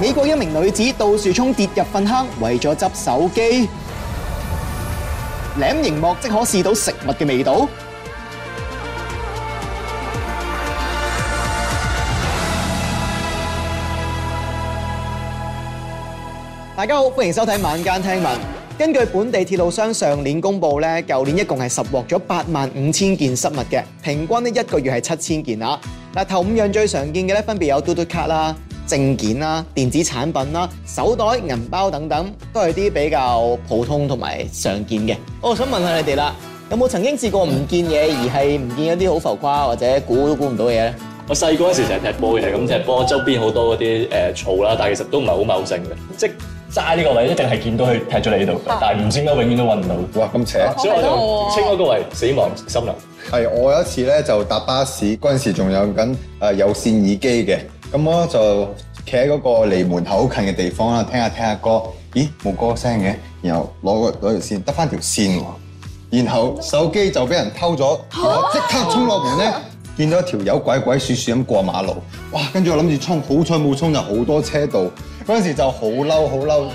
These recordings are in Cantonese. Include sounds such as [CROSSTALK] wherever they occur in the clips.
美國一名女子倒樹衝跌入糞坑，為咗執手機，舔螢幕即可試到食物嘅味道。大家好，歡迎收睇晚間聽聞。根據本地鐵路商上年公佈咧，舊年一共係拾獲咗八萬五千件失物嘅，平均一個月係七千件啊。嗱，頭五樣最常見嘅咧，分別有嘟嘟卡啦、證件啦、電子產品啦、手袋、銀包等等，都係啲比較普通同埋常見嘅。我想問，問下你哋啦，有冇曾經試過唔見嘢，而係唔見一啲好浮誇或者估都估唔到嘅嘢咧？我細個嗰陣時成日踢波嘅，咁踢波周邊好多嗰啲誒嘈草啦，但係其實都唔係好貿貿茂盛嘅，即係揸呢個位一定係見到佢踢咗你呢度，啊、但係唔清解唔知解永遠都揾唔到嘅。哇，咁扯邪。啊、所以我就稱嗰、啊、個為死亡森林。係，我有一次咧就搭巴士嗰陣時，仲有緊誒有線耳機嘅。咁我就企喺嗰個離門口好近嘅地方啦，聽下聽下歌，咦，冇歌聲嘅，然後攞個攞條線得返條線喎，然後手機就俾人偷咗，即、啊、刻衝落門咧，見、啊、到一條友鬼鬼祟祟咁過馬路，哇！跟住我諗住衝，好彩冇衝入好多車度，嗰陣時就好嬲好嬲，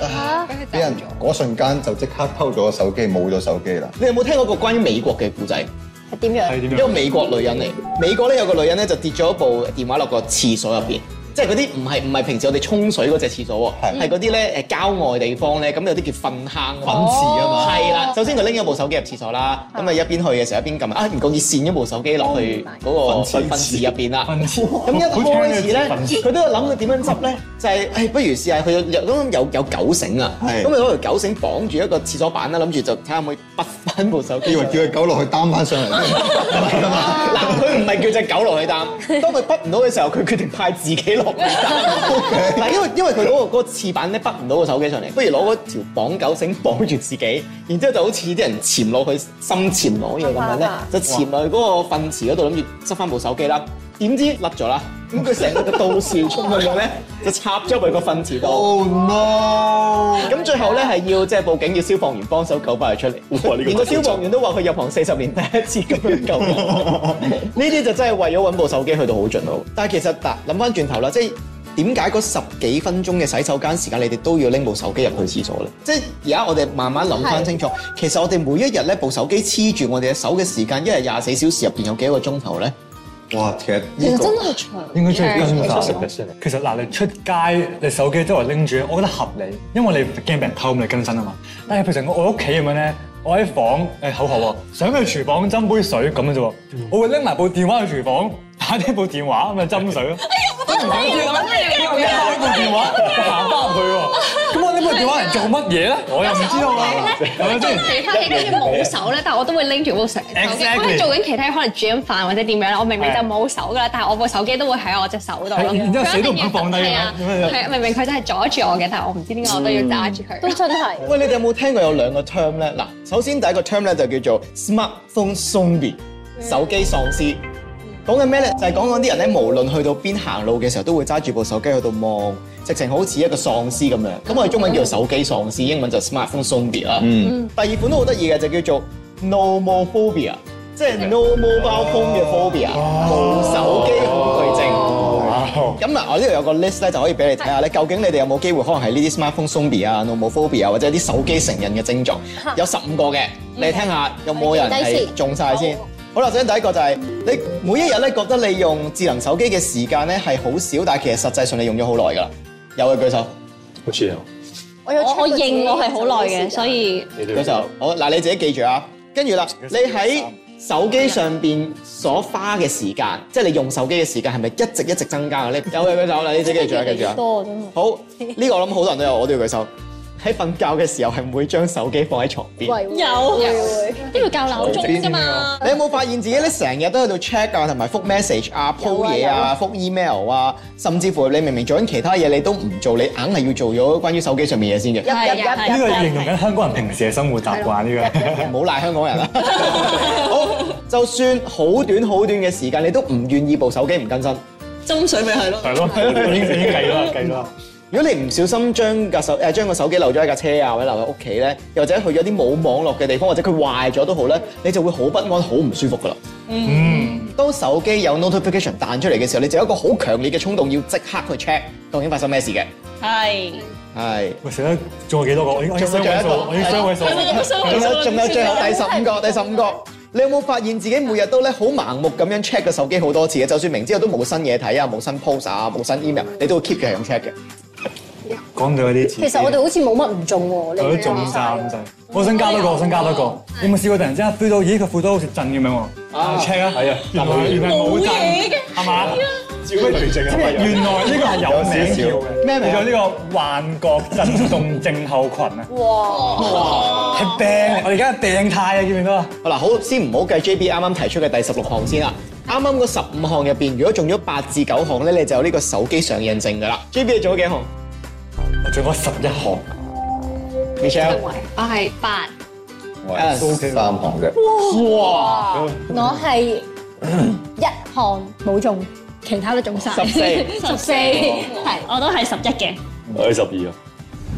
俾、啊啊、人嗰、啊、瞬間就即刻偷咗手機，冇咗手機啦。你有冇聽過個關於美國嘅故仔？係點樣？一個美國女人嚟，美國咧有個女人咧就跌咗一部電話落個廁所入邊。即係嗰啲唔係唔係平時我哋沖水嗰隻廁所喎，係嗰啲咧誒郊外地方咧，咁有啲叫糞坑啊，糞池啊嘛，係啦。首先佢拎咗部手機入廁所啦，咁啊一邊去嘅時候一邊撳啊，唔覺意扇咗部手機落去嗰個糞糞池入邊啦。咁一開始咧，佢都有諗佢點樣執咧，就係不如試下佢有有有有狗繩啊，咁啊攞條狗繩綁住一個廁所板啦，諗住就睇下可唔可以拔翻部手機。以為叫佢狗落去擔翻上嚟，嗱，佢唔係叫隻狗落去擔，當佢拔唔到嘅時候，佢決定派自己唔係因為因為佢嗰個嗰個廁板咧，畢唔到個手機上嚟，不如攞嗰條綁狗繩綁住自己，然之後就好似啲人潛落去深潛攞嘢咁樣咧，就潛落去嗰個糞池嗰度諗住執翻部手機啦。點知甩咗啦？咁佢成個刀鞘沖入去咧，就插咗入埋個糞池度。Oh, no！咁最後咧係要即係、就是、報警，要消防員幫手救翻佢出嚟。哇 [LAUGHS] 連個消防員都話佢入行四十年第一次咁樣救。呢啲 [LAUGHS] [LAUGHS] 就真係為咗揾部手機去到好盡咯。但係其實嗱，諗翻轉頭啦，即係點解嗰十幾分鐘嘅洗手間時間，你哋都要拎部手機入去廁所咧？即係而家我哋慢慢諗翻清楚，是其實我哋每一日咧部手機黐住我哋嘅手嘅時間，一日廿四小時入邊有幾多個鐘頭咧？哇，其實、這個、其實真係長，應該追、這個，的應該追實質其實嗱、呃，你出街你手機周圍拎住，我覺得合理，因為你驚俾人偷咁，你跟身啊嘛。但係譬如我我屋企咁樣咧，我喺房誒，口渴想去廚房斟杯水咁樣啫，我會拎埋部電話去廚房打啲部電話咁就斟水咯。 [LAUGHS] 唔好意思啊，佢又一開部電話行攬翻佢喎，咁 [LAUGHS] 我，我呢部電話嚟做乜嘢咧？我又唔知道啊，係其他嘢好似冇手咧，但係我都會拎住部手機，可能在做緊其他，可能煮緊飯或者點樣我明明就冇手噶啦，但係我部手機都會喺我隻手度咯。然之後死都唔放低啊，係明明佢真係阻住我嘅，但係我唔知點解我都要揸住佢，都真係。喂，你哋有冇聽過有兩個 term 咧？嗱，首先第一個 term 咧就叫做 smartphone zombie，、嗯、手機喪屍。講緊咩咧？就係講緊啲人咧，無論去到邊行路嘅時候，都會揸住部手機喺度望，直情好似一個喪屍咁樣。咁我哋中文叫做手機喪屍，英文就 smartphone zombie 啦。嗯。第二款都好得意嘅，就叫做 nomophobia，即係 no mobile phone 嘅 phobia，冇手機恐懼症。哦。咁啊，我呢度有個 list 咧，就可以俾你睇下咧，究竟你哋有冇機會可能係呢啲 smartphone zombie 啊、nomophobia 啊，或者啲手機成癮嘅症狀？有十五個嘅，你聽下有冇人係中晒先。好啦，首先第一個就係、是、你每一日咧覺得你用智能手機嘅時間咧係好少，但係其實實際上你用咗好耐㗎啦。有嘅舉手，好似有，我我承認我係好耐嘅，所以舉手。好嗱，你自己記住啊。跟住啦，你喺手機上邊所花嘅時間，即係你用手機嘅時間，係咪一直一直增加嘅咧？有嘅舉手啦，你自己記住啊，記住啊。多、啊、好，呢個，我諗好多人都有，我都要舉手。喺瞓覺嘅時候係唔會將手機放喺床邊？有，因為校鬧鐘㗎嘛。你有冇發現自己咧成日都喺度 check 啊，同埋覆 message 啊、po 嘢啊、覆 email 啊，甚至乎你明明做緊其他嘢，你都唔做，你硬係要做咗關於手機上面嘢先嘅？係啊係啊係啊！呢個形容緊香港人平時嘅生活習慣。呢個唔好賴香港人啊。好，就算好短好短嘅時間，你都唔願意部手機唔跟身，斟水咪係咯。係咯，已經已計咗啦，計咗啦。如果你唔小心將架手誒將個手機漏咗喺架車啊，或者留喺屋企咧，又或者去咗啲冇網絡嘅地方，或者佢壞咗都好咧，你就會好不安、好唔舒服㗎喇。嗯，當手機有 notification 彈出嚟嘅時候，你就有一個好強烈嘅衝動要即刻去 check 究竟發生咩事嘅。係係是。是喂，成日仲有幾多個？我已經雙位數，一個我已經雙位數。仲 [LAUGHS] 有仲有最後第十五個， [LAUGHS] 第十五個。 [LAUGHS] 你有冇發現自己每日都咧好盲目咁樣 check 個手機好多次嘅？就算明知道我都冇新嘢睇啊，冇新 post 啊，冇新 email， [LAUGHS] 你都會 keep 嘅咁 check 嘅。講到有啲錢，其實我哋好似冇乜唔中喎，我都中晒，咁我想加多個，我想加多個。你有冇試過突然之間 feel 到，咦佢 f 都好似震咁樣？震車啊！係啊，原來原來冇嘢嘅，係嘛？指揮隊正啊！原來呢個係有名條嘅，咩嚟？咗呢個幻覺震動症候群啊！哇係病，我哋而家病肽啊，見唔見到啊？嗱，好先唔好計 J B 啱啱提出嘅第十六行先啦。啱啱個十五行入邊，如果中咗八至九行咧，你就有呢個手機上認證噶啦。J B 你做咗幾行？我中咗十一項， [MUSIC] 而且我係八，我係三行嘅，哇！我係一項冇中，其他都中晒。十四，十四，係，我都係十一嘅，12 的 [LAUGHS] 我係十二啊！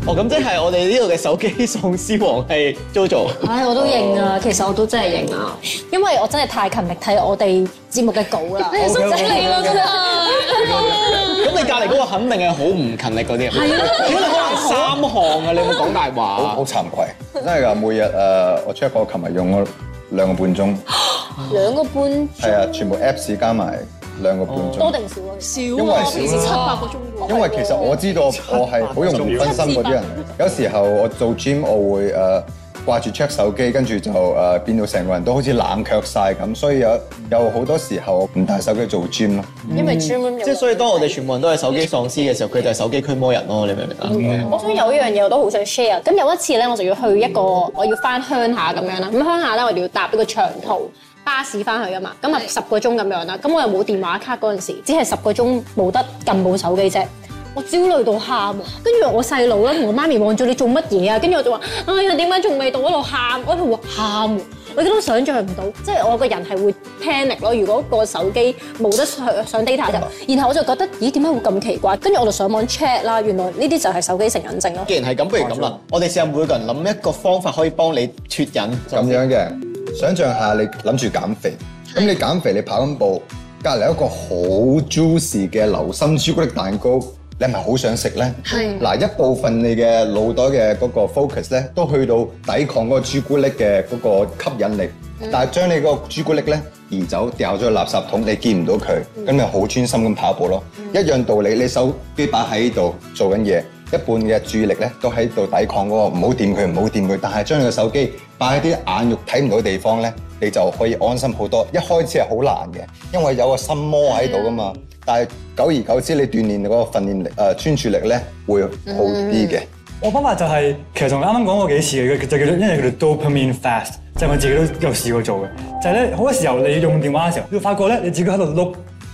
哦，咁即係我哋呢度嘅手機喪屍王係 JoJo，唉，我都認啊，其實我都真係認啊，因為我真係太勤力睇我哋節目嘅稿啦，辛苦你啦哥。 [LAUGHS] 你隔離嗰個肯定係好唔勤力嗰啲啊！點你可能三項啊！你冇講大話，好 [LAUGHS] 慚愧，真係噶！每日誒，uh, 我 check 過，琴日用咗兩個半鐘， [LAUGHS] 兩個半，係 [LAUGHS] 啊，全部 Apps 加埋兩個半鐘，多定少啊？少，因為平時七八個鐘，因為其實我知道我係好容易分心嗰啲人，時有時候我做 gym 我會誒。Uh, 掛住 check 手機，跟住就誒、呃、變到成個人都好似冷卻晒咁，所以有有好多時候唔帶手機做 gym 咯，因為 gym 即係所以當我哋全部人都係手機喪屍嘅時候，佢就係手機驅魔人咯，你明唔明啊？嗯嗯、我想有一樣嘢我都好想 share，咁有一次咧，我就要去一個我要翻鄉下咁樣啦，咁鄉下咧我哋要搭呢個長途巴士翻去啊嘛，咁啊十個鐘咁樣啦，咁我又冇電話卡嗰陣時，只係十個鐘冇得撳部手機啫。我焦慮到喊，跟住我細佬咧同我媽咪望住，你做乜嘢啊？跟住我就話：哎呀，點解仲未到嗰度，喊？嗰條話喊喎，我覺得想象唔到，即係我個人係會 panic 咯。如果個手機冇得上上 data 就，然後我就覺得咦，點解會咁奇怪？跟住我就上網 check 啦，原來呢啲就係手機成癮症咯。既然係咁，不如咁啦，我哋試下每個人諗一個方法可以幫你脫癮咁思樣嘅。想像下你諗住減肥，咁 [LAUGHS] 你減肥你跑緊步，隔離一個好 juicy 嘅流心朱古力蛋糕。你咪好想食呢？嗱是，一部分你嘅腦袋嘅嗰個 focus 咧，都去到抵抗嗰個朱古力嘅嗰個吸引力，是但係將你嗰個朱古力呢移走，掉咗垃圾桶，你見唔到佢，咁咪好專心咁跑步咯。嗯、一樣道理，你手機擺喺度做緊嘢。一半嘅注意力咧，都喺度抵抗嗰個，唔好掂佢，唔好掂佢。但係將你個手機擺喺啲眼肉睇唔到嘅地方咧，你就可以安心好多。一開始係好難嘅，因為有個心魔喺度㗎嘛。但係久而久之，你鍛鍊嗰個訓練力、誒專注力咧，會好啲嘅。嗯、我方法就係、是，其實同啱啱講過幾次嘅，就是、叫做因為叫做 dopamine fast，就我自己都有試過做嘅。就係、是、咧，好多時候你用電話嘅時候，你會發覺咧，你自己喺度碌。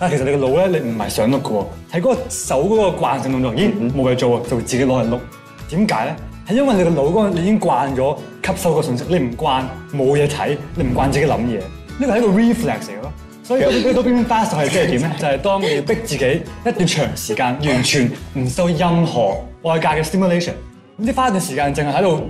其實你個腦咧，你唔係想碌嘅喎，係嗰個手嗰個慣性動作。咦，冇嘢做啊，就會自己攞去碌。點解咧？係因為你個腦嗰個你已經慣咗吸收個信息，你唔慣冇嘢睇，你唔慣自己諗嘢。呢個係個 reflex 嚟嘅。所以呢個邊邊 fast 就係即係點咧？就係當你逼自己一段長時間，完全唔受任何外界嘅 stimulation，咁啲花一段時間淨係喺度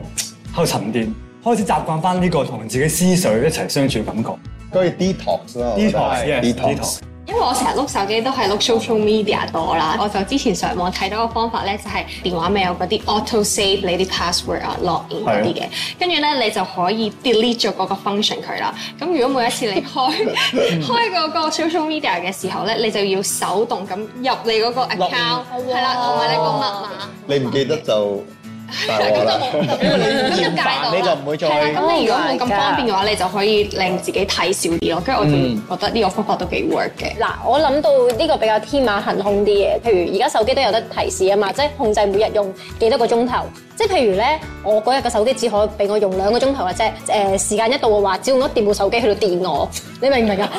喺度沉澱，開始習慣翻呢個同自己思緒一齊相處嘅感覺，叫做 detox 啦。係啊，detox。因為我成日碌手機都係碌 social media 多啦，我就之前上網睇到個方法咧，就係電話咪有嗰啲 auto save 你啲 password log in 嗰啲嘅，跟住咧你就可以 delete 咗嗰個 function 佢啦。咁如果每一次你開 [LAUGHS] 開嗰個 social media 嘅時候咧，你就要手動咁入你嗰個 account，係啦、哎呀，同埋你個密碼。你唔記得就？咁就冇特別，咁就戒到啦。係啦， [LAUGHS] 咁你如果冇咁方便嘅話， [LAUGHS] 你就可以令自己睇少啲咯。跟住我就覺得呢個方法都幾 work 嘅。嗱，嗯、 [LAUGHS] 我諗到呢個比較天馬行空啲嘢，譬如而家手機都有得提示啊嘛，即係控制每日用幾多個鐘頭。即係譬如咧，我嗰日嘅手機只可以俾我用兩個鐘頭或者誒時間一到嘅話，只用得電部手機去到電我。你明唔明啊？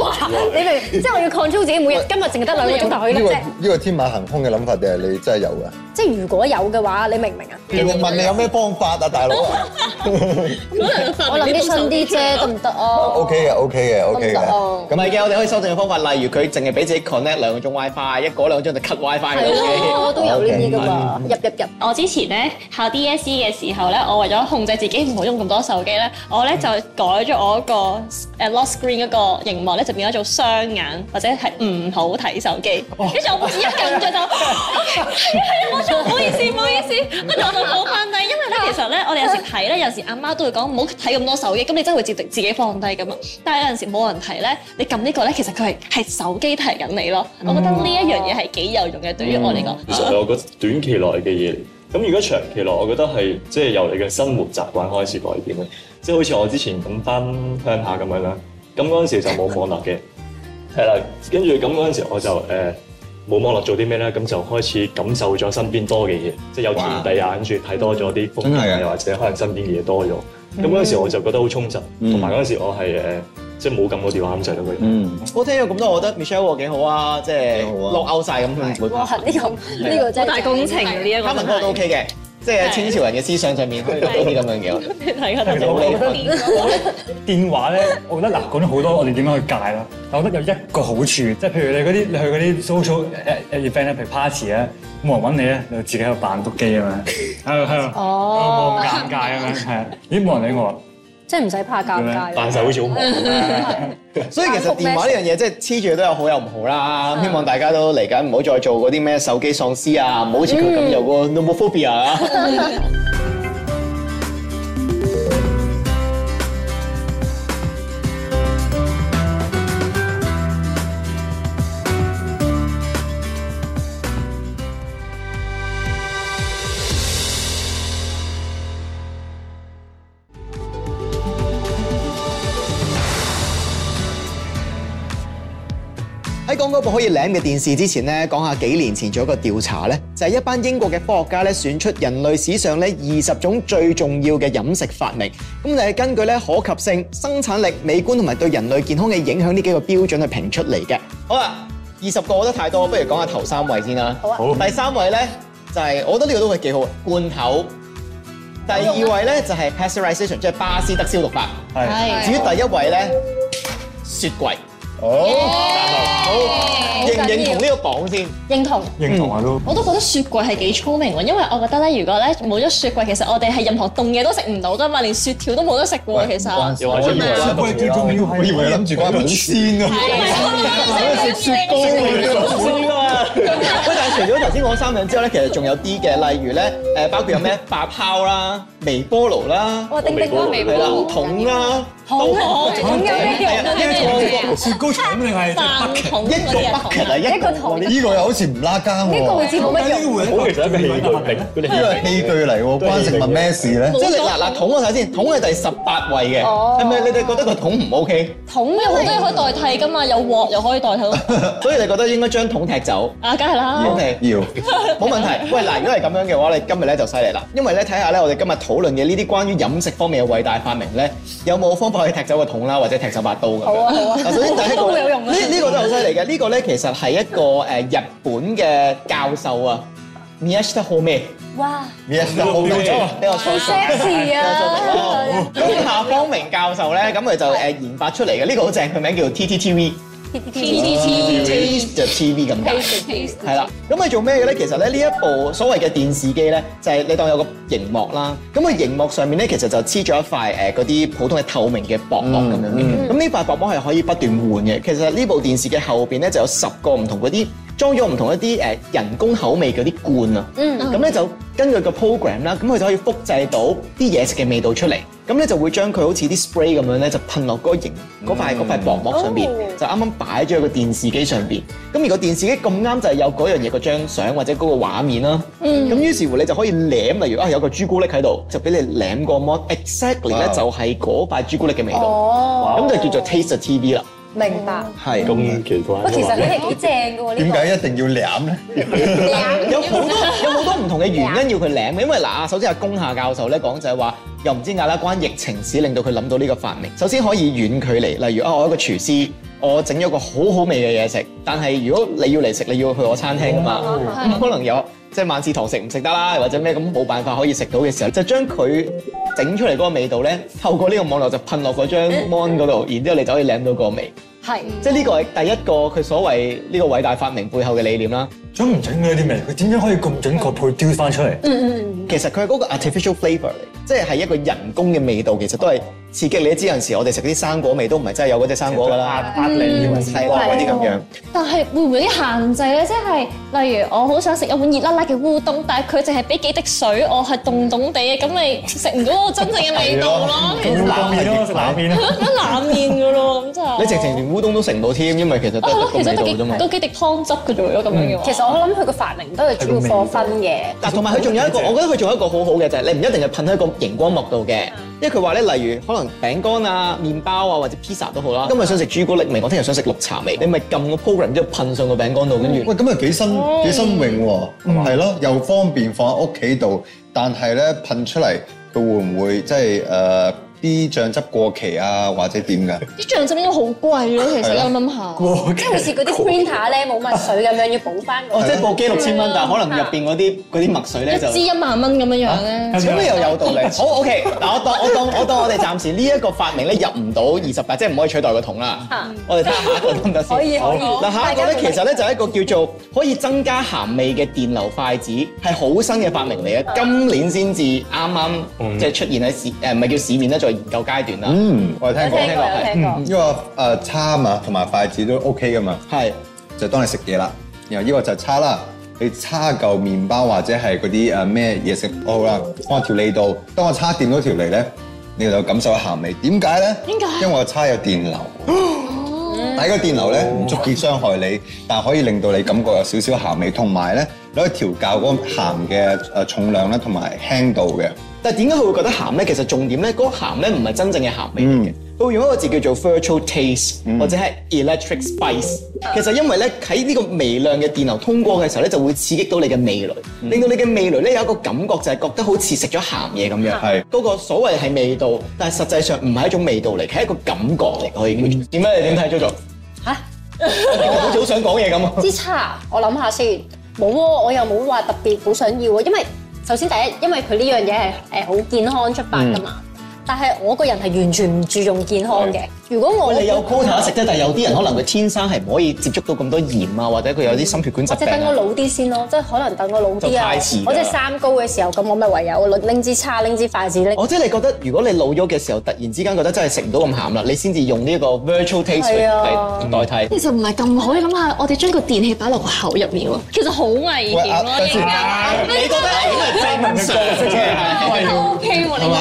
哇！你明？即係我要 control 自己每日今日淨係得兩個鐘頭可呢個呢個天馬行空嘅諗法定係你真係有㗎？即係如果有嘅話，你明唔明啊？我問你有咩方法啊，大佬？我諗啲蠢啲啫，得唔得啊？OK 嘅，OK 嘅，OK 嘅。咁唔係嘅，我哋可以修正嘅方法，例如佢淨係俾自己 connect 兩個鐘 WiFi，一過兩個鐘就 cut WiFi 我都有呢啲㗎嘛，入入入。我之前咧。考 DSE 嘅時候咧，我為咗控制自己唔好用咁多手機咧，我咧就改咗我個誒 lock screen 嗰個螢幕咧，就變咗做雙眼或者係唔好睇手機。跟住、oh. 我一撳著就係啊，冇錯，唔好意思，唔好意思，跟住 [LAUGHS] 我就放翻低，因為咧其實咧，我哋有時睇咧，有時阿媽都會講唔好睇咁多手機，咁你真係會自定自己放低噶嘛。但係有陣時冇人睇咧，你撳呢個咧，其實佢係係手機提緊你咯。我覺得呢一樣嘢係幾有用嘅，對於我嚟講。嗯、其實我覺得短期內嘅嘢。咁如果長期落，我覺得係即係由你嘅生活習慣開始改變咯。即係好似我之前咁返鄉下咁樣啦，咁嗰陣時就冇網絡嘅，係啦。 [LAUGHS] 跟住咁嗰陣時我就誒冇網絡做啲咩咧，咁就開始感受咗身邊多嘅嘢，即係有田地啊，跟住睇多咗啲風景啊，又或者可能身邊嘢多咗。咁嗰陣時我就覺得好充實，同埋嗰陣時我係誒。呃即係冇撳個電話咁滯咯，佢。嗯，我聽咗咁多，我覺得 Michelle 喎幾好啊，即係落 out 曬咁樣。哇！呢個呢個真係大工程呢一個。嘉文哥都 OK 嘅，即係清朝人嘅思想上面學到啲咁樣嘢。係啊，好厲害。電話咧，我覺得嗱講咗好多，我哋點樣去戒囉。但我覺得有一個好處，即係譬如你啲，你去嗰啲 social 誒誒 event 譬如 party 咧，冇人揾你咧，你就自己喺度扮督機啊嘛。係啊係啊。哦。冇咁尷尬啊嘛。係啊。咦？冇人理我。即係唔使怕尷尬，扮手足無措。所以其實電話呢樣嘢，即係黐住都有好有唔好啦。 [LAUGHS] 希望大家都嚟緊唔好再做嗰啲咩手機喪屍啊，唔好好似佢咁有個 nomophobia 啊。 [LAUGHS] [LAUGHS] 講嗰部可以舔嘅電視之前咧，講下幾年前做一個調查咧，就係、是、一班英國嘅科學家咧選出人類史上咧二十種最重要嘅飲食發明。咁就係、是、根據咧可及性、生產力、美觀同埋對人類健康嘅影響呢幾個標準去評出嚟嘅。好啦，二十個我覺得太多，不如講下頭三位先啦。好啊。第三位咧就係、是，我覺得呢個都係幾好，罐頭。第二位咧、啊、就係 Pasteurization，即係巴斯德消毒法。係是。是至於第一位咧，像雪櫃。哦，好，認唔認同呢個榜先？認同，認同啊都。我都覺得雪櫃係幾聰明喎，因為我覺得咧，如果咧冇咗雪櫃，其實我哋係任何凍嘢都食唔到噶嘛，連雪條都冇得食喎，其實。雪條啊，雪條啊，喂，最重要係，我以為諗住講好鮮㗎，係係係，我要食雪糕啊，好鮮㗎嘛。喂，但係除咗頭先講三樣之外咧，其實仲有啲嘅，例如咧，誒，包括有咩發泡啦。微波爐啦，我哋的微波爐桶啦，桶，啦，桶雪糕桶定係一個垃圾桶，一個垃圾桶，一個桶，依個又好似唔拉更喎，依個字冇乜用，好其實係一個物體，依個係器具嚟喎，關食物咩事咧？即係你嗱嗱桶我睇先，桶係第十八位嘅，係咪你哋覺得個桶唔 OK？桶有好多嘢可以代替㗎嘛，有鑊又可以代替。所以你覺得應該將桶踢走？啊，梗係啦。OK，要，冇問題。喂，嗱，如果係咁樣嘅話，你今日咧就犀利啦，因為咧睇下咧，我哋今日桶。討論嘅呢啲關於飲食方面嘅偉大發明咧，有冇方法去踢走個桶啦，或者踢走把刀咁、啊？好啊好啊！首先第一個有用呢，呢個都好犀利嘅。呢個咧其實係一個誒日本嘅教授啊，Miyashita Homei，哇！Miyashita Homei，俾我衰死啊！宮下芳明教授咧，咁佢就誒研發出嚟嘅呢個好正，佢名叫做 T T T V。TV T V T V 就 taste、oh, e the T V 咁樣，係啦、嗯。咁係做咩嘅咧？其實咧，呢一部所謂嘅電視機咧，就係、是、你當有個熒幕啦。咁個熒幕上面咧，其實就黐咗一塊誒嗰啲普通嘅透明嘅薄，嗯嗯嗯、薄膜咁樣。咁呢塊薄膜係可以不斷換嘅。其實呢部電視機後邊咧就有十個唔同嗰啲裝咗唔同一啲誒人工口味嗰啲罐啊。嗯。咁咧、嗯、就根據個 program 啦，咁佢就可以複製到啲嘢食嘅味道出嚟。咁咧就會將佢好似啲 spray 咁樣咧，就噴落嗰個形嗰塊、塊薄膜上面，嗯嗯、就啱啱擺咗個電視機上面。咁如果電視機咁啱就係有嗰樣嘢嗰張相或者嗰個畫面啦，咁、嗯、於是乎你就可以舐，例如啊有個朱古力喺度，就俾你舐個膜。exactly 咧就係嗰塊朱古力嘅味道，咁、哦哦、就叫做 Taste TV 啦。明白。係咁是奇怪。不、嗯、其實你係好正嘅喎。點解一定要舐咧？ [LAUGHS] [LAUGHS] 有好多有好多唔同嘅原因要佢舐嘅，因為嗱啊，首先阿宮下教授咧講就係話，又唔知點解啦，關疫情史令到佢諗到呢個發明。首先可以遠距離，例如啊，我一個廚師，我整咗個好好味嘅嘢食，但係如果你要嚟食，你要去我餐廳㗎嘛，哦、可能有。即係萬事堂食唔食得啦，或者咩咁冇辦法可以食到嘅時候，就將佢整出嚟嗰個味道咧，透過呢個網絡就噴落嗰張 mon 嗰度，然之後你就可以舐到個味。係的，即係呢個係第一個佢所謂呢個偉大發明背後嘅理念啦。準唔準嗰啲味？佢點樣可以咁準確配調翻出嚟？嗯嗯 [LAUGHS] 其實佢係嗰個 artificial flavor 嚟，即係係一個人工嘅味道，其實都係。刺激你啲知陣時，我哋食啲生果味都唔係真係有嗰啲生果㗎啦，八零二係啦嗰啲咁樣。但係會唔會有啲限制咧？即係例如我好想食一碗熱辣辣嘅烏冬，但係佢淨係俾幾滴水，我係凍凍地嘅，咁咪食唔到我真正嘅味道咯。烏冬麵咯，食冷麵冷麵㗎咯，咁就你直情連烏冬都食唔到添，因為其實係其實幾滴幾滴湯汁㗎啫喎，咁樣嘅。其實我諗佢個發明都係超創分嘅。嗱，同埋佢仲有一個，我覺得佢仲有一個好好嘅就係，你唔一定係噴喺個熒光幕度嘅。即係佢話咧，例如可能餅乾啊、麵包啊，或者披 i 都好啦。今日想食朱古力味，我聽日想食綠茶味， [NOISE] 你咪撳個 program 之後噴上個餅乾度，跟住、哦、喂咁啊幾新幾新穎喎，係咯、哦嗯，又方便放喺屋企度，但係咧噴出嚟佢會唔會即係誒？就是呃啲醬汁過期啊，或者點㗎？啲醬汁應該好貴咯，其實諗諗下，即係好似嗰啲 printer 咧，冇乜水咁樣要補翻。即係部機六千蚊，但係可能入邊嗰啲啲墨水咧就～支一萬蚊咁樣樣咧，咁又有道理。好 OK，嗱我當我當我當我哋暫時呢一個發明咧入唔到二十八，即係唔可以取代個桶啦。我哋睇下下一個得唔得先。可以可以。嗱下一個咧，其實咧就係一個叫做可以增加鹹味嘅電流筷子，係好新嘅發明嚟嘅，今年先至啱啱即係出現喺市誒，唔係叫市面咧，夠階段啦，嗯、我哋聽過聽過係，依個誒叉啊，同埋筷子都 OK 噶嘛，係是就當你食嘢啦。然後呢個就叉啦，你叉嚿麵包或者係嗰啲誒咩嘢食，好啦、嗯，哦、我條脷度，當我叉掂咗條脷咧，你就感受鹹味。點解咧？點解，因為我叉有電流。 [LAUGHS] 但個電流咧唔足以傷害你， [LAUGHS] 但可以令到你感覺有少少鹹味，同埋咧你可以調教嗰鹹嘅誒重量咧，同埋輕度嘅。但點解佢會覺得鹹咧？其實重點咧，嗰鹹咧唔係真正嘅鹹味嚟 [LAUGHS] 都用一個字叫做 virtual taste、嗯、或者係 electric spice、嗯。其實因為咧喺呢個微量嘅電流通過嘅時候咧，就會刺激到你嘅味蕾，嗯、令到你嘅味蕾咧有一個感覺，就係覺得好似食咗鹹嘢咁樣。係嗰、啊、個所謂係味道，但係實際上唔係一種味道嚟，係、嗯、一個感覺嚟。點解、嗯、你點睇，祖祖嚇？我好似好想講嘢咁。之差， [LAUGHS] 我諗下先。冇、啊，我又冇話特別好想要。因為首先第一，因為佢呢樣嘢係誒好健康出發噶嘛。嗯但係我個人係完全唔注重健康嘅。如果我你有高糖食啫，但係有啲人可能佢天生係唔可以接觸到咁多鹽啊，或者佢有啲心血管疾病。即係等我老啲先咯，即係可能等我老啲太遲。我即係三高嘅時候，咁我咪唯有拎支叉、拎支筷子拎。哦，即係你覺得如果你老咗嘅時候，突然之間覺得真係食唔到咁鹹啦，你先至用呢一個 virtual taste 嚟代替。其實唔係咁好嘅下，我哋將個電器擺落個口入面喎，其實好危險。你覺得正常即係係 OK 你係嘛？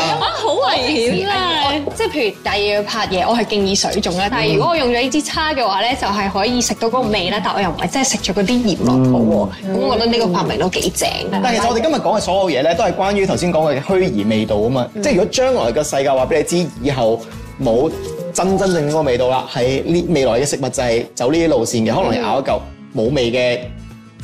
危險啦！即係譬如第二日拍嘢，我係敬意水種咧。但係如果我用咗呢支叉嘅話咧，就係、是、可以食到嗰個味咧。但係我又唔係真係食咗嗰啲鹽落肚喎。咁、嗯、那我覺得呢個發明都幾正。但係其實我哋今日講嘅所有嘢咧，都係關於頭先講嘅虛擬味道啊嘛。嗯、即係如果將來個世界話俾你知，以後冇真真正嗰個味道啦。喺呢未來嘅食物就係、是、走呢啲路線嘅，可能你咬一嚿冇味嘅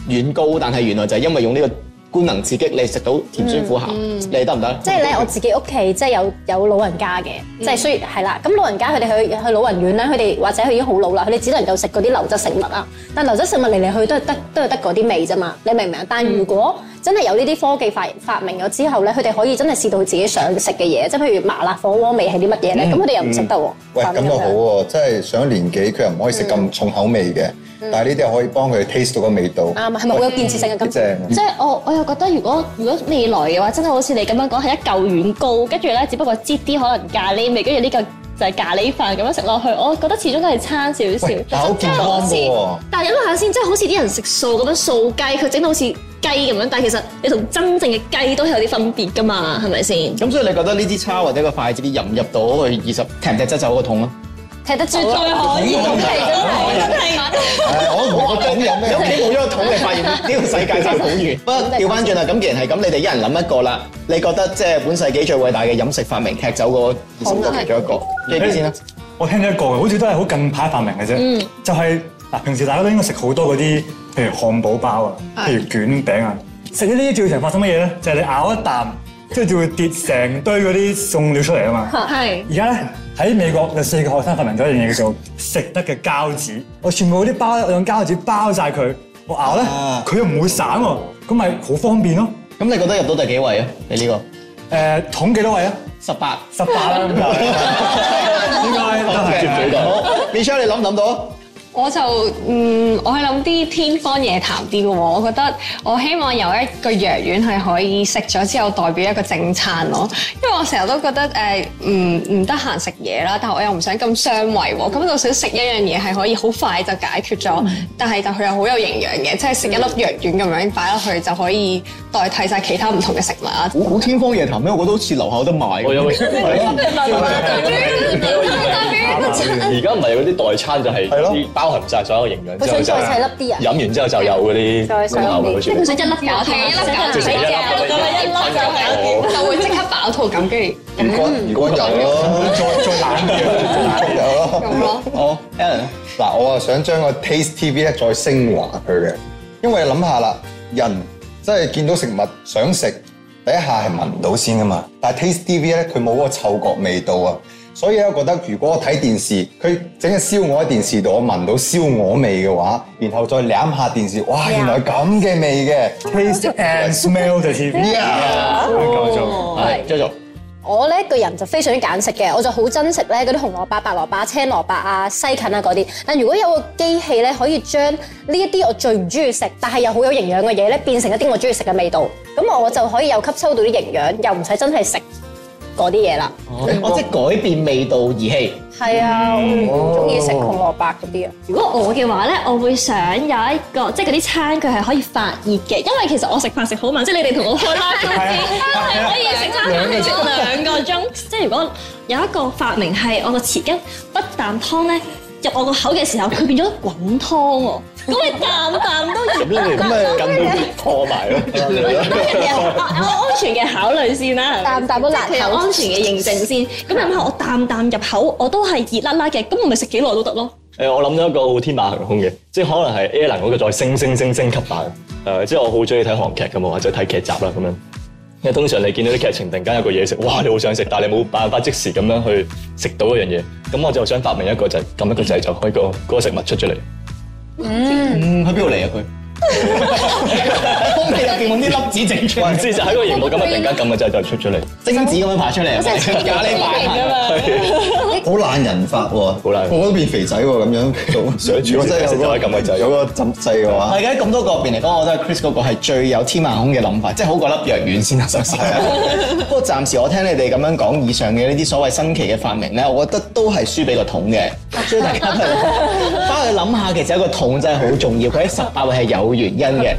軟膏，但係原來就係因為用呢、這個。官能刺激，你食到甜酸苦鹹，嗯嗯、你得唔得咧？即係咧，我自己屋企即係有有老人家嘅，即係雖然係啦。咁、就是、老人家佢哋去去老人院咧，佢哋或者佢已經好老啦，佢哋只能夠食嗰啲流質食物啦。但流質食物嚟嚟去都係得都係得嗰啲味啫嘛，你明唔明啊？但如果、嗯真係有呢啲科技發發明咗之後咧，佢哋可以真係試到自己想食嘅嘢，即係譬如麻辣火鍋味係啲乜嘢咧？咁佢哋又唔識得喎。喂，咁都好喎，即係上咗年紀，佢又唔可以食咁重口味嘅。但係呢啲又可以幫佢 taste 到個味道。啱啊，係咪好有建設性嘅感覺？咁正。即係我我又覺得，如果如果未來嘅話，真係好似你咁樣講，係一嚿軟膏，跟住咧，只不過擠啲可能咖喱味，跟住呢嚿就係咖喱飯咁樣食落去，我覺得始終都係差少少。好健康嘅喎。但係飲下先，即係好似啲人食素咁樣素雞，佢整到好似～雞咁樣，但係其實你同真正嘅雞都有啲分別噶嘛，係咪先？咁所以你覺得呢支叉或者個筷子，你入唔入到去二十，踢唔踢得走個桶咯？踢得，絕對可以，好問我。我緊咩？有冇咗個桶，你發現呢個世界真係好遠。不過調翻轉啦，咁既然係咁，你哋一人諗一個啦。你覺得即係本世紀最偉大嘅飲食發明，踢走個二十個其中一個，聽先啦。我聽咗一個好似都係好近排發明嘅啫，就係。嗱，平時大家都應該食好多嗰啲，譬如漢堡包啊，譬如卷餅啊，食咗呢啲最常發生乜嘢咧？就係你咬一啖，即係就會跌成堆嗰啲餸料出嚟啊嘛。係。而家咧喺美國有四個學生發明咗一樣嘢叫做食得嘅膠紙。我全部嗰啲包用膠紙包晒佢，我咬咧佢又唔會散喎，咁咪好方便咯。咁你覺得入到第幾位啊？你呢個？誒，統幾多位啊？十八，十八啦。點解？都係。好 Michelle 你諗唔諗到？我就嗯，我係諗啲天方夜譚啲嘅喎，我覺得我希望有一個藥丸係可以食咗之後代表一個正餐咯，因為我成日都覺得誒唔唔得閒食嘢啦，但係我又唔想咁傷胃喎，咁就想食一樣嘢係可以好快就解決咗，但係就佢又好有營養嘅，即係食一粒藥丸咁樣擺落去就可以代替晒其他唔同嘅食物。好好天方夜譚咩？我覺得好似樓下有得賣。而家唔係嗰啲代餐就係包含晒所有營養，佢想再細粒啲啊，飲完之後就有嗰啲，即唔想一粒㗎，幾粒？就係一粒，咁啊一粒就係，就會即刻飽肚咁，跟住。如果有咯，再再冷啲，有咯。有好 Alan 嗱，我啊想將個 Taste TV 咧再升華佢嘅，因為諗下啦，人真係見到食物想食，第一下係聞唔到先㗎嘛，但係 Taste TV 咧佢冇個嗅覺味道啊。所以咧，我覺得如果我睇電視，佢整嘅燒鵝喺電視度，我聞到燒鵝味嘅話，然後再舐下電視，哇！原來咁嘅味嘅 Yeah.，taste and smell 就似，係繼續。我呢個人就非常之揀食嘅，我就好憎食咧嗰啲紅蘿蔔、白蘿蔔、青蘿蔔啊、西芹啊嗰啲。但如果有個機器咧，可以將呢一啲我最唔中意食，但係又好有營養嘅嘢咧，變成一啲我中意食嘅味道，咁我就可以又吸收到啲營養，又唔使真係食。啲嘢啦，我、哦、即係改變味道儀器。係啊，我中意食紅蘿蔔嗰啲啊。如果我嘅話咧，我會想有一個即係嗰啲餐具係可以發熱嘅，因為其實我食飯食好慢，即係 [LAUGHS] 你哋同我開黑嗰啲係可以食餐飯食 [LAUGHS] 兩個鐘。即係如果有一個發明係我個匙羹不燉湯咧，入我個口嘅時候，佢變咗滾湯喎，咁你啖啖都咁咪咁樣破埋咯。有安全嘅考慮先啦，啖啖都辣頭， [LAUGHS] 盤盤也口安全嘅認證先。咁你諗下，我啖啖入口我都係熱辣辣嘅，咁我咪食幾耐都得咯。誒，我諗咗 [LAUGHS] 一個奧天馬行空嘅，即係可能係《Air》嗰個再升升升升級版。誒，即係我好中意睇韓劇嘅嘛，就睇劇集啦咁樣。因為通常你見到啲劇情，突然間有個嘢食，哇！你好想食，但係你冇辦法即時咁樣去食到嗰樣嘢，咁我就想發明一個就係、係、咁一個製造開個嗰個食物出出嚟。嗯，喺邊度嚟呀佢？空 [LAUGHS] 氣入邊揾啲粒子整出嚟，喺個螢幕咁樣，突然間撳嘅時候就出出嚟，粒子咁樣排出嚟，好似咖喱塊咁啊！好懶人法喎，好懶，懶我嗰邊肥仔喎，咁樣想住我真係有嗰個撳嘅掣，就就有個掣嘅話。係咁多個入面嚟講，我覺得 Chris 嗰個係最有天馬行空嘅諗法，即、就、係、是、好過粒藥丸先得食曬。不過暫時我聽你哋咁樣講以上嘅呢啲所謂新奇嘅發明咧，我覺得都係輸俾個桶嘅。所以大家都翻去諗下，其實一個桶真係好重要。佢喺十八位係有。有原因嘅。